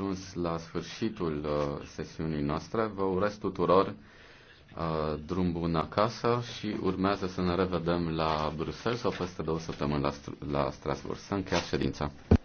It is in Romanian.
ajuns la sfârșitul uh, sesiunii noastre. Vă urez tuturor uh, drum bun acasă și urmează să ne revedem la Bruxelles sau peste două săptămâni la, la Strasbourg. Să încheiați ședința.